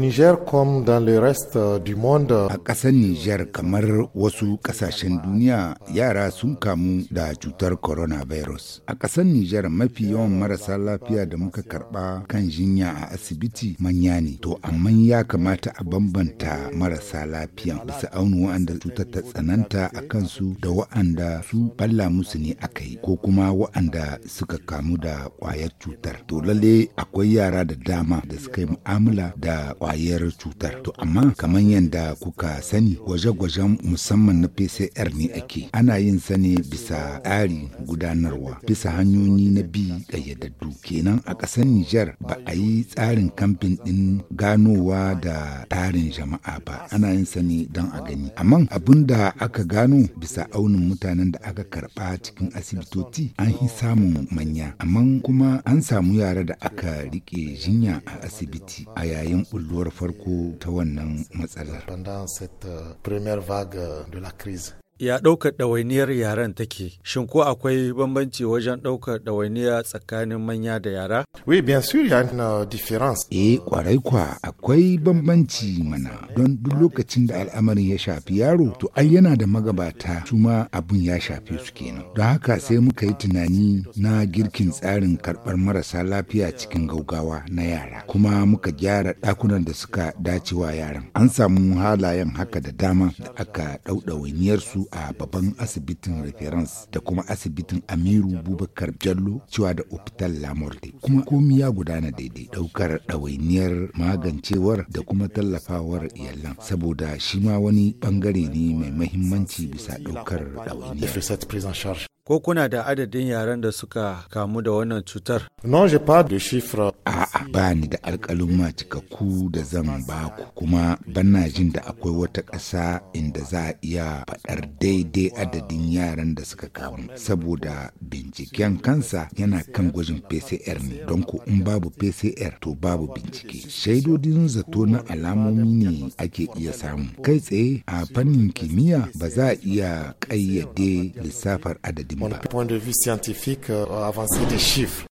Niger comme dans le reste du monde. A ƙasar Niger kamar wasu ƙasashen duniya yara sun kamu da cutar coronavirus. A ƙasar Niger mafi yawan marasa lafiya da muka karɓa kan jinya a asibiti manya ne. To amma ya kamata a bambanta marasa lafiya bisa auni wa'anda cutar ta tsananta a kansu da wa'anda su balla musu ne aka yi ko kuma wa'anda suka kamu da ƙwayar cutar. To lalle akwai yara da dama da suka yi mu'amala da ƙwayar kwayar cutar to amma kamar yadda kuka sani gwaje-gwajen musamman na pcr ne ake ana yin sa bisa tsari gudanarwa bisa hanyoyi na bi ƙayyadaddu kenan a ƙasar nijar ba a yi tsarin kamfin ɗin ganowa da tarin jama'a ba ana yin sa ne don a gani amma abin da aka gano bisa aunin mutanen da aka karɓa cikin asibitoci an yi samun manya amma kuma an samu yara da aka riƙe jinya a asibiti a yayin bullo annobar farko ta wannan matsalar. ya ɗaukar ɗawainiyar yaran take shin ko akwai bambanci wajen ɗaukar ɗawainiya tsakanin manya da yara? Oui, bien sûr, il y a une euh, différence. Eh, kwarai kwa akwai bambanci mana don duk lokacin da al'amarin ya shafi yaro to ai yana da magabata suma abin abun ya shafi su kenan. Don haka sai muka yi tunani na girkin tsarin karɓar marasa lafiya cikin gaugawa na yara kuma muka gyara ɗakunan da suka dacewa yaran. An samu halayen haka da dama da aka ɗau ɗawainiyar su. a babban asibitin reference da kuma asibitin amiru bubakar jallo cewa da opital lamorde kuma komi ya gudana daidai daukar ɗawainiyar magancewar da kuma tallafawar iyalan saboda shi ma wani bangare ne mai mahimmanci bisa daukar ɗawainiyar Ko kuna da adadin yaran da suka kamu da wannan cutar? Non, je pas de chiffre. A'a, ba ni da alkaluma cikakku da zan ba ku kuma bana jin da akwai wata ƙasa inda za a iya faɗar daidai adadin yaran da suka kamu saboda binciken kansa yana kan gwajin PCR ne don ku in babu PCR to babu bincike. Shaidodin zato na alamomi ne ake iya samu. Kai tsaye a fannin kimiyya ba za a iya ƙayyade lissafar adadin Mon point de vue scientifique, euh, avancé des chiffres.